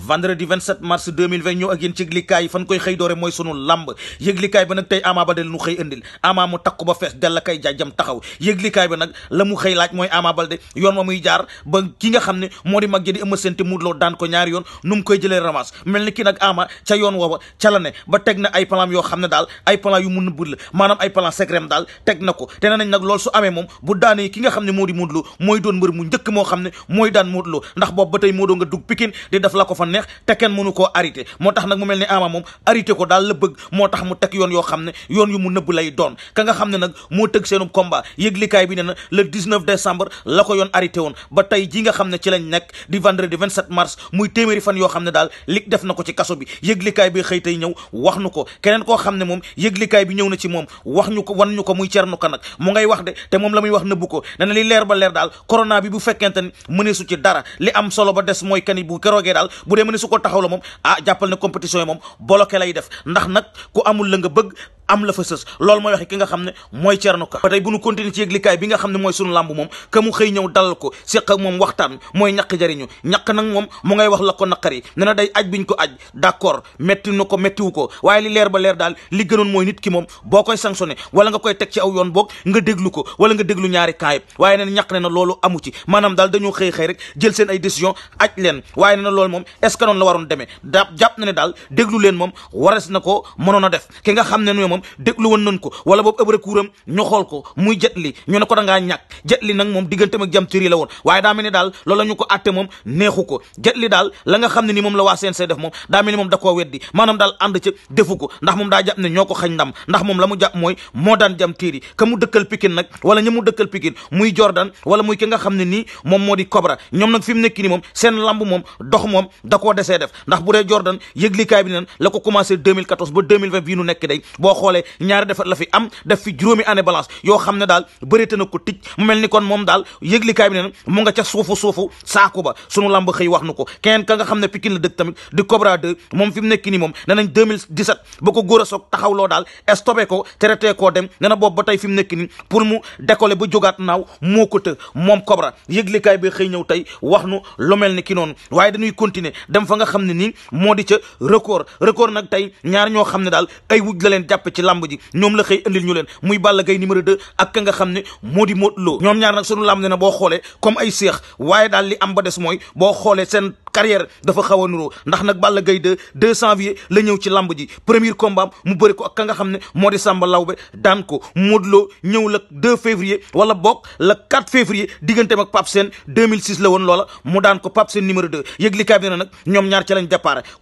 vendredi 27 mars 2020 ñëw ak yëglikaay ba nag tey Ama Baldé nu xëy indil Ama mu takku ba fees dell kay jaajam taxaw yëglikaay ba nag la mu xëy laaj mooy Ama Baldé yoon ma muy jaar ba ki nga xam ne moo di mag ja di Eumeu Sène te Modou Lô daan ko ñaari yoon nu mu koy jëlee ramas mel ni ki nag Ama ca moo mooy doon mbër mu njëkk moo xam ne mooy daan Modou ndax boobu ba tey moo nga dug Pikine di def la ko fa dafa neex te kenn mënu koo arrêté moo tax mu mel ni Ama moom arrêté ko daal la bëgg moo tax mu teg yoon yoo xam ne yoon yu mu nëbb lay doon ka nga xam ne nag moo tëgg seenu combat yëglikaay bi ne la def na ko ci kaso bi yëglikaay bi xëy ñëw wax nu ko keneen koo xam ne moom yëglikaay bi ñëw na ci moom wax ñu ko wan ñu ko muy cernu ka nag mu ngay wax de te moom la muy wax nëbb ko ne na li leer ba leer daal corona bi bu fekkente mëneesu ci dara de dee mu su ko taxaw la moom ah jàppal ne compétition yi moom bloqué lay def ndax nag ku amul la nga bëgg am la fa sës loolu mooy waxi ki nga xam ne mooy Thierno Ka ba tey bu nu continuer ci yëglikaay bi nga xam ne mooy sunu làmb moom ka xëy ñëw dalal ko séq moom waxtaan mooy ñaq jariñu ñaq nag moom mu ngay wax la ko naqari ne na day aj biñ ko aj d'accord na ko mettiwu ko waaye li leer ba leer daal li gënoon mooy nit ki moom boo koy sanctionné wala nga koy teg ci aw yoon boog nga déglu ko wala nga déglu ñaari camp yëpp waaye nee na ñaq ne na loolu amu ci maanaam daal dañoo xëy rek jël seen ay décision aj na loolu moom est-ce que noonu demee da jàpp na ne daal déglu leen moom ko mënoon a def moom moom la da koo weddi maanaam daal ànd la mu jàpp mooy moo daan jam tëri dëkkal Pikine nag wala ña dëkkal Pikine muy Jordan wala muy ki xam ne nii moom moo di ñoom nag fi mu moom seen lamb moom dox moom da koo def ndax bu Jordan yëglikaay bi la ko commencé 2014 ba 2020 bii nu day boo xoolee ñaari defet la fi am def fi juróomi année balance yoo xam ne daal bëreete na ko tij mu ni kon moom daal yëglikaay bi ne ka nga xam ne Pikine la dëkk tamit di Cobra 2 moom fi mu nekk nii moom ne nañ 2017 ba ko a soog taxawloo daal stoppé ko dem ne na boobu ba tey fi mu nekk nii pour mu ba jógaat naaw moo ko të moom Cobra xëy ñëw tey wax nu lu ni ki noonu waaye dañuy continuer dem fa nga xam ne nii moo di ca record record nag tey ñaar ñoo xam ne daal ay wuj la leen jàpp ci lamb ji ñoom la xëy andil ñu leen muy Balla Gaye numéro 2 ak ka nga xam ne moo di Modou Lo ñoom ñaar nag sunu lamb ne na boo xoolee comme ay seex waaye daal li am ba des mooy boo xoolee seen carrière dafa xaw a nuroo ndax nag Balla Gaye 2 2 janvier la ñëw ci lamb ji premier combat mu bëri ko ak ka nga xam ne moo di Samba Lawbe daan ko Modou Lo ñëw la 2 février wala boog la 4 février digganteem ak Pape Sène 2006 la woon loola mu daan ko Pape Sène numéro 2 yëg li cabinet nag ñoom ñaar ca lañ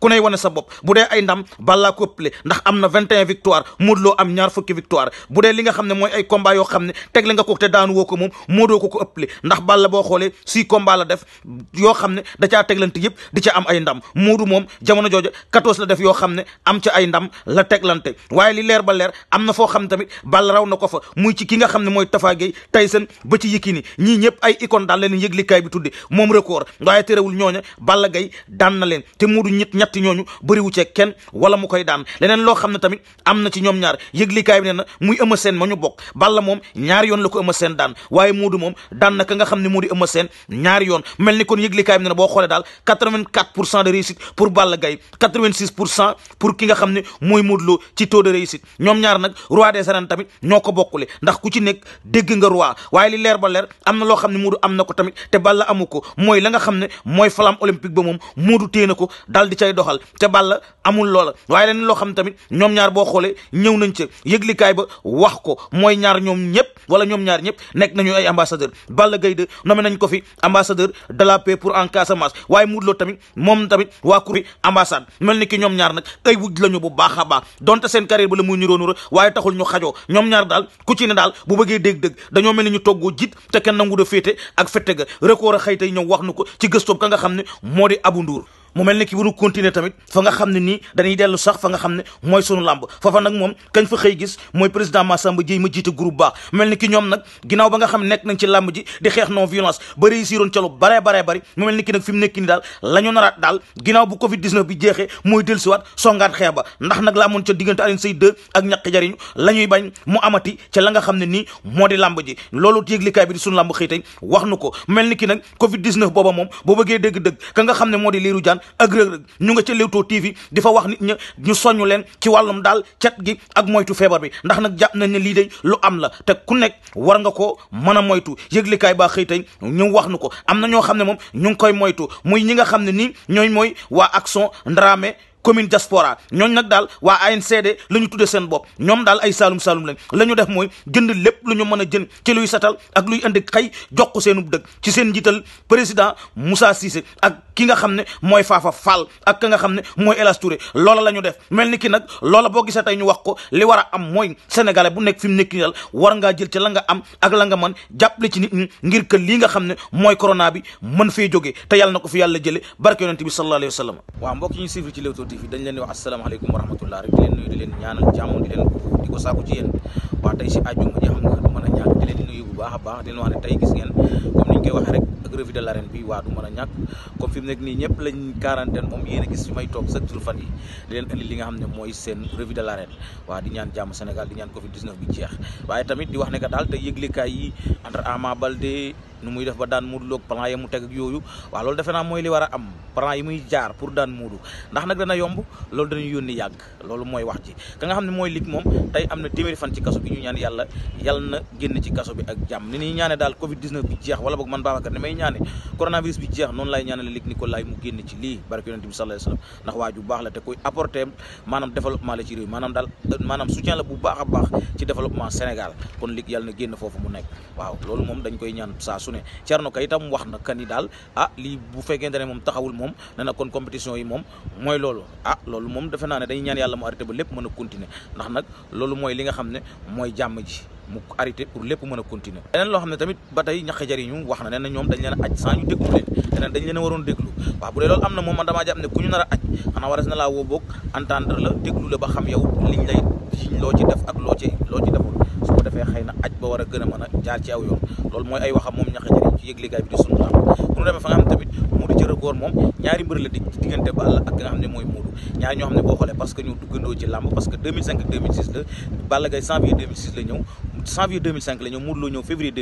ku ney wane sa bu dee ay ndam Balla ko ëppale ndax am na 21 victoire Modou Lo am ñaar fukki victoire bu dee li nga xam ne mooy ay combat yoo xam ne te daanu woo ko moom Modou ko ko ëppale ndax Balla boo xoolee la yëpp di ca am ay ndam muudu moom jamono jooja quatorze la def yoo xam ne am ca ay ndam la teglante waaye li leer ba leer am na foo xam tamit bal raw na ko fa muy ci ki nga xam ne mooy Tapha Gueye Tyson ba ci Yékini ñii ñëpp ay icône daal leen yëglikaay bi tudde moom record waaye terewul ñooña Balla Gaye daan na leen te muudu ñett ñetti ñooñu bëriwu cee kenn wala mu koy daan leneen loo xam ne tamit am na ci ñoom ñaar yëglikaay bi nee na muy Eumeu seen ma ñu bokk Balla moom ñaari yoon la ko Eumeu Sène daan waaye muudu moom daan nga xam ne moo di Eumeu ñaari yoon mel ni kon yëglikaay bi na boo xoolee daal quatre-vingt-quatre pour cent de réussite pour Balla Gaye quatre-vingt-six pour cent pour ki xam ne mooy Modou Lo de réussite ñoom ñaar nag roi des arènes tamit ñoo ko bokkule ndax ku ci nekk dégg nga roi waaye li leer ba leer am na loo xam ne Modou am na ko tamit te Balla amu ko mooy la nga xam ne mooy flamme olympique ba moom Modou téye na ko daal di cay doxal te Balla amul loola waaye leneen loo xam tamit ñoom ñaar boo xoolee ñëw nañ ca yëglikaay ba wax ko mooy ñaar ñoom ñëpp wala ñoom ñaar ñëpp nekk nañu ay ambassadeur Balla Gaye de nommé nañ ko fi ambassadeur de la paix pour Modou tamit moom tamit waa kuri ambassade mel ne ki ñoom ñaar nag ay wuj lañu bu baax a baax donte seen carrière ba la muy niroo niroo waaye taxul ñu xajoo ñoom ñaar daal ku ci ne daal bu bëggee dégg-dëgg dañoo mel ne ñu toggoo jit te kenn nangu da féete ak fette ga record a xëy tey ñëw wax nu ko ci gëstoob ka nga xam ne moo di Abou mu mel ni ki bu nu continuer tamit fa nga xam ne nii dañuy dellu sax fa nga xam ne mooy sunu làmb foofa nag moom kañ fa xëy gis mooy président Massamba Dieye ma jiita groupe mel ni ki ñoom nag ginnaaw ba nga xam nekk nañ ci làmb ji di xeex non violence ba réussiroon ca lu baree baree bëri mu mel ni ki nag fi mu nekk daal la ñu naraat daal ginnaaw bu covid 19 bi jeexee mooy dellusiwaat songaat xeex ba ndax nag la amoon ca diggante Alioune Seye 2 ak la ñuy bañ mu amati ca la nga xam ne nii moo di làmb ji loolu yëglikaay bi di sunu xëy tey wax nu ko mel ni ki nag covid 19 booba moom boo bëggee dégg-dëgg ka nga xam ne moo di liiru jaan ak rëg ñu nga ca Leewtoo TV di wax ni ña ñu soññu leen ci wàllum daal cet gi ak moytu feebar bi ndax nag jàpp nañ ne lii day lu am la te ku nekk war nga ko mën a moytu yëglikaay baa xëy tey ñu wax nu ko am na ñoo xam ne moom ñu ngi koy moytu muy ñi nga xam ne nii ñooy mooy waa Action Dramé commune diaspora ñooñ nag daal waa ANCD la ñu tudde seen bopp ñoom daal ay saalum saalum lañ la ñu def mooy jënd lépp lu ñu mën a jënd ci luy satal ak luy indi xëy jox ko seenub dëkk ci seen njiital président Moussa Cissé ak ki nga xam ne mooy faafa Fall ak ka nga xam ne mooy Elas Touré loola la ñu def mel ni ki nag loola boo gisee tey ñu wax ko li war a am mooy sénégalais bu nekk fi mu nekk ni war ngaa jël ci la nga am ak la nga mën jàppale ci nit ñi ngir que lii nga xam ne mooy corona bi mën fee jógee te yàlla na ko fi yàlla jële barke yonente bi sallallahu dañ leen di wax asalaamaaleykum wa rahmatullah rek di leen nuyu di leen ñaanal jàmm di leen a ñàkk di bu baax a baax di leen wax ne tey gis ngeen comme ni ñu koy rek ak revue de l'arène bi waa du mën a ñàkk comme fi nekk nii ñëpp lañ quarantaine moom yéen gis may toog chaque jour fan yi di leen indi li nga xam ne mooy seen revue de l'arène waa di ñaan jàmm Sénégal di ñaan Covid 19 bi jeex waaye tamit di wax ne que daal te yëglekaay yi entre Ama Baldé nu muy def ba daan Modou Lo ak plan ya mu teg ak yooyu waaw loolu defe naa mooy li war a am plan yi muy jaar pour daan Modou ndax nag dana yomb loolu dañuy yónni yàgg loolu mooy wax ji ka nga xam ne mooy lig moom tey am na téeméeri fan ci kaso bi ñu ñaan yàlla yàlla na génn ci kaso bi ak jàmm ni ñuy ñaane daal covid 19 bi jeex wala boog man Babacar ni may ñaane coronavirus bi jeex noonu lay ñaanale la te koy apporter maanaam développement la ci réew maanaam maanaam soutien la bu baax a baax ci développement Sénégal kon lig yàlla na génn foofu mu nekk waaw loolu moom koy ñaan su ne Thierno Ka itam wax na ka ni daal ah lii bu fekkente ne moom taxawul moom ne kon compétition yi moom mooy loolu ah loolu moom defe naa ne dañuy ñaan yàlla mu arrêté ba lépp mën a continuer ndax nag loolu mooy li nga xam ne mooy jàmm ji mu arrêté pour lépp mën a continuer leneen loo xam ne tamit ba tey ñaq jariñu wax na ne ñoom dañ leen a aj sans ñu déglu leen dañ leen a waroon déglu waaw bu dee loolu am na moom man damaa jàpp ne ku ñu nar a aj xanaa waras ba war a gën a mën a jaar ci aw yoon mooy ay waxam moom ñax jëriñ ci yëglikaay bi di sunu lamb bu ñu demee la Balla ak nga la ñëw la ñëw Modou Lo ñëw février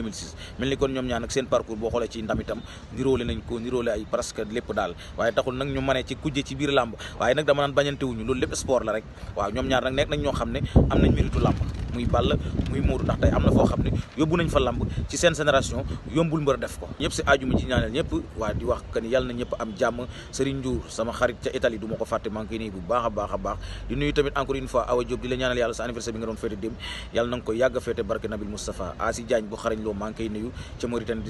mel ni kon ñoom ñaar nag seen parcours boo xoolee ci ndam itam niróole nañ ko niróole ay presque lépp daal waaye taxul nag ñu mënee ci kujje ci biir lamb waaye nag dama naan bañante loolu lépp sport la rek waaw ñoom ñaar nag nekk nañ ñoo xam ne am nañ méritu lamb muy Balla muy Modou ndax tey am na foo xam ne yóbbu nañ fa lamb ci seen génération yombul mbër def ko ñëpp si aaju ma ci ñaanal ñëpp waa di wax que ni yàlla na ñëpp am jàmm Serigne Ndiour sama xarit ca Italie du ko fàtte maa ngi bu baax a baax a di nuyu tamit encore une fois Awa Diop di la a féete barke koy nuyu ca Mauritanie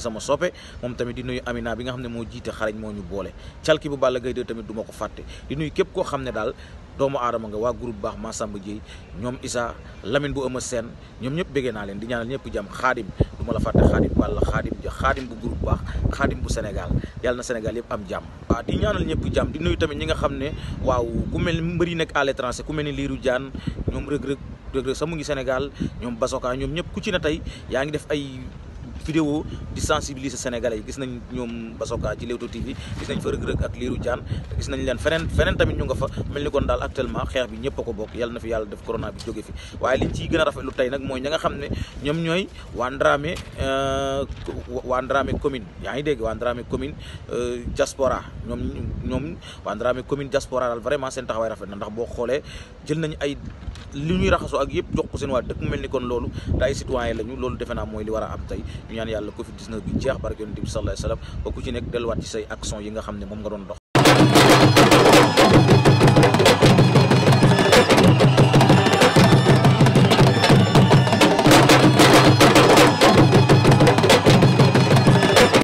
moom tamit di nuyu Amina bi nga xam ne moo jiite xarañ moo ñu boole calki bu Balla Gaye 2 tamit du ma ko fàtte di nuyu képp koo xam ne daal doomu aadama nga waa groupe baax Massamba Dieye ñoom Issa Lamine bu ëma seen ñoom ñëpp bëggee naa leen di ñaanal ñëpp jàmm xaadim du ma la fàtte xaadim walla xaadim ja xaadim bu groupe baax xaadim bu Sénégal yàlla na Sénégal yëpp am jàmm waaw di ñaanal ñëpp jàmm di nuyu tamit ñi nga xam ne waaw ku mel ni mbër yi nekk à l'étranger ku mel ni liiru jaan ñoom rëg-rëg rëg-rëg sa mu ngi Sénégal ñoom Basoka ñoom ñëpp ku ci na tey yaa ngi def ay vidéo di sensibiliser sénégalais yi gis nañ ñoom Basoka ci Leewtoo TV gis nañ fa Reug Reug ak Lirou Diane gis nañ leen feneen feneen tamit ñu nga fa mel ni kon daal actuellement xeex bi ñëpp a ko bokk yàlla na fi yàlla def corona bi jóge fi waaye liñ ciy gën a rafetlu tey nag mooy ña nga xam ne ñoom ñooy waa Ndramé euh, waa Ndramé commune yaa ngi dégg waa Ndramé commune euh, na ndax xoolee jël nañ ay li ñuy raxasoo ak yëpp jox ko seen waa dëkk mel ni kon loolu te ay citoyen lañu loolu defe naa mooy li war a am tey ñaan yàlla covid 19 bi jeex barke yonent bi sallallahu alayhi wasallam ba ku ci nekk delluwaat ci say action yi nga xam ne moom nga doon dox